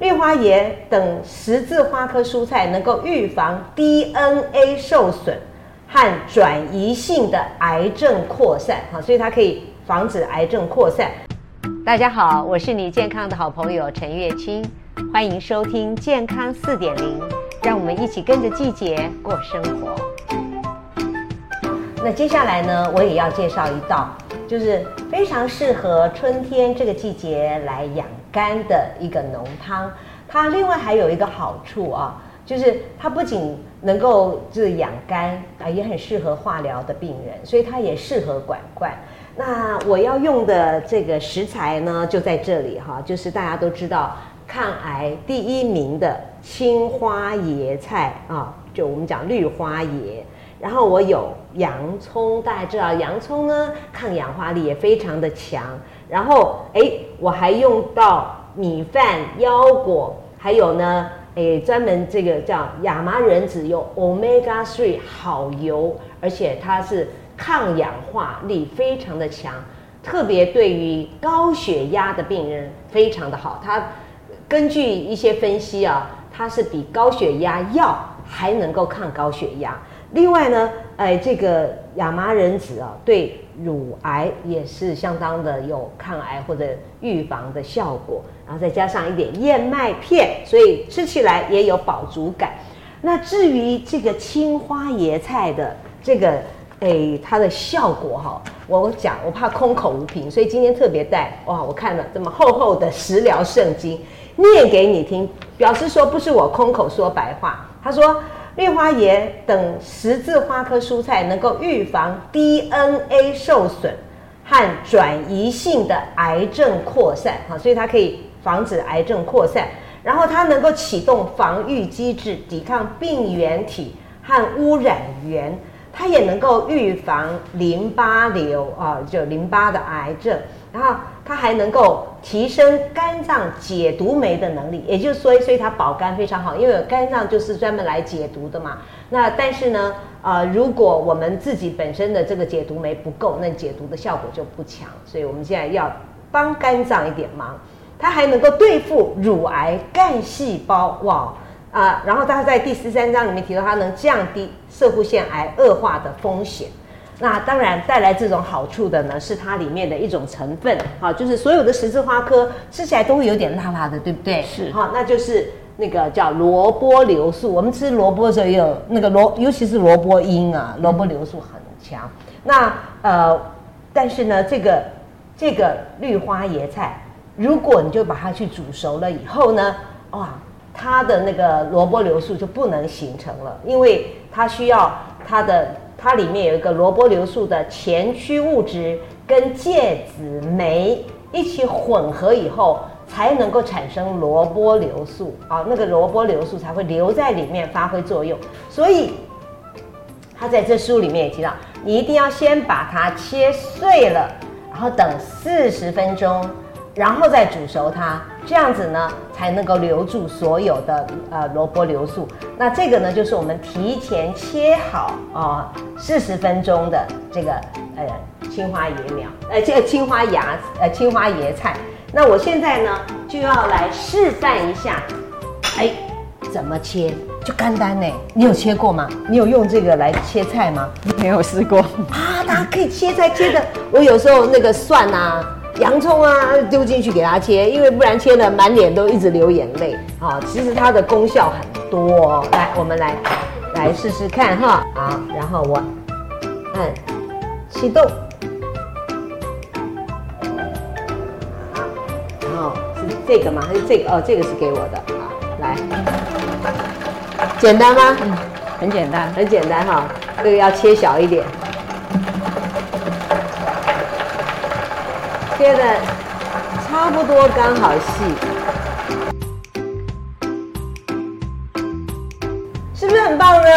綠花椰等十字花科蔬菜能夠預防 DNA 受損和轉移性的癌症擴散啊，所以它可以防止癌症擴散。大家好，我是你健康的好朋友陳月卿，歡迎收聽《健康4.0》，讓我們一起跟着季節過生活。那接下來呢，我也要介紹一道，就是非常適合春天這個季節來養。肝的一個濃湯，它另外還有一個好處啊，就是它不僅能夠就是養肝啊，也很適合化療的病人，所以它也適合管灌。那我要用的這個食材呢，就在這裡哈、啊，就是大家都知道抗癌第一名的青花椰菜啊，就我們講綠花椰，然後我有洋蔥，大家知道洋蔥呢，抗氧化力也非常的強。然後哎，我還用到米飯、腰果，還有呢，哎，專門這個叫亞麻仁籽油 （Omega 3） 好油，而且它是抗氧化力非常的強，特別對於高血壓的病人非常的好。它根據一些分析啊，它是比高血壓藥還能夠抗高血壓。另外呢，哎，這個亞麻仁籽啊、哦，對乳癌也是相當的有抗癌或者預防的效果。然後再加上一點燕麥片，所以吃起來也有飽足感。那至於這個青花椰菜的這個，哎，它的效果哈、哦，我講我怕空口無憑，所以今天特別帶哇，我看了這麼厚厚的食療聖經，念給你聽，表示說不是我空口說白話，他說。綠花椰等十字花科蔬菜能夠預防 DNA 受損和轉移性的癌症擴散啊，所以它可以防止癌症擴散。然後它能夠啟動防禦機制，抵抗病原體和污染源。它也能夠預防淋巴瘤啊，就淋巴的癌症。然後它還能夠。提升肝臟解毒酶的能力，也就是說，所以它保肝非常好，因為肝臟就是專門來解毒的嘛。那但是呢，呃，如果我們自己本身的這個解毒酶不夠，那解毒的效果就不強。所以我們現在要幫肝臟一點忙，它還能夠對付乳癌幹細胞哇啊、呃！然後它在第十三章裡面提到，它能降低攝護腺癌惡化的風險。那當然帶來這種好處的呢，是它裡面的一種成分，好、哦，就是所有的十字花科吃起來都會有點辣辣的，對不對？是，好、哦，那就是那個叫蘿蔔硫素。我們吃蘿蔔的時候也有那個蘿，尤其是蘿蔔纓啊，蘿蔔硫素很強。嗯、那呃，但是呢，這個這個綠花椰菜，如果你就把它去煮熟了以後呢，哇、哦，它的那個蘿蔔硫素就不能形成了，因為它需要它的。它裡面有一個蘿蔔硫素的前驅物質，跟芥子酶一起混合以後，才能夠產生蘿蔔硫素啊、哦。那個蘿蔔硫素才會留在裡面發揮作用。所以，他在這書裡面也提到，你一定要先把它切碎了，然後等四十分鐘，然後再煮熟它。這樣子呢，才能夠留住所有的呃蘿蔔硫素。那這個呢，就是我們提前切好啊，呃，四十分鐘的這個呃青花椰苗，呃這青花椰呃青花椰菜。那我現在呢就要來示範一下，哎、欸，怎麼切？就簡單呢、欸？你有切過嗎？你有用這個來切菜嗎？沒有試過。啊，大家可以切菜切的，我有時候那個蒜啊。洋蔥啊，丟進去給它切，因為不然切了滿臉都一直流眼淚啊。其實它的功效很多哦。來，我們來來試試看哈哦。好，然後我按啟動，然後是這個嗎？還是這個哦，這個是給我的。好，來，簡單嗎？嗯，很簡單，很簡單哈哦。這個要切小一點。切的差不多，剛好細，是不是很棒呢？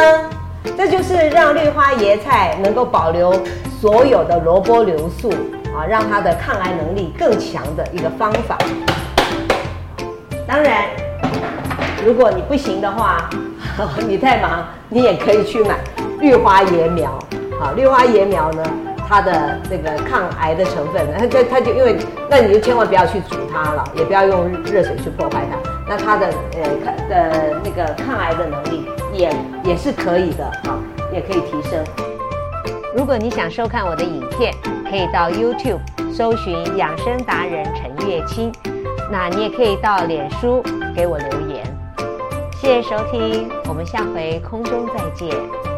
這就是讓綠花椰菜能夠保留所有的蘿蔔硫素啊，讓它的抗癌能力更強的一個方法。當然，如果你不行的話，你太忙，你也可以去買綠花椰苗。好，啊，綠花椰苗呢？它的這個抗癌的成分，它就它就因為那你就千萬不要去煮它了，也不要用熱水去破壞它。那它的呃，的那個抗癌的能力也也是可以的啊，也可以提升。如果你想收看我的影片，可以到 YouTube 搜尋養生達人陳月卿，那你也可以到臉書給我留言。謝謝收聽，我們下回空中再見。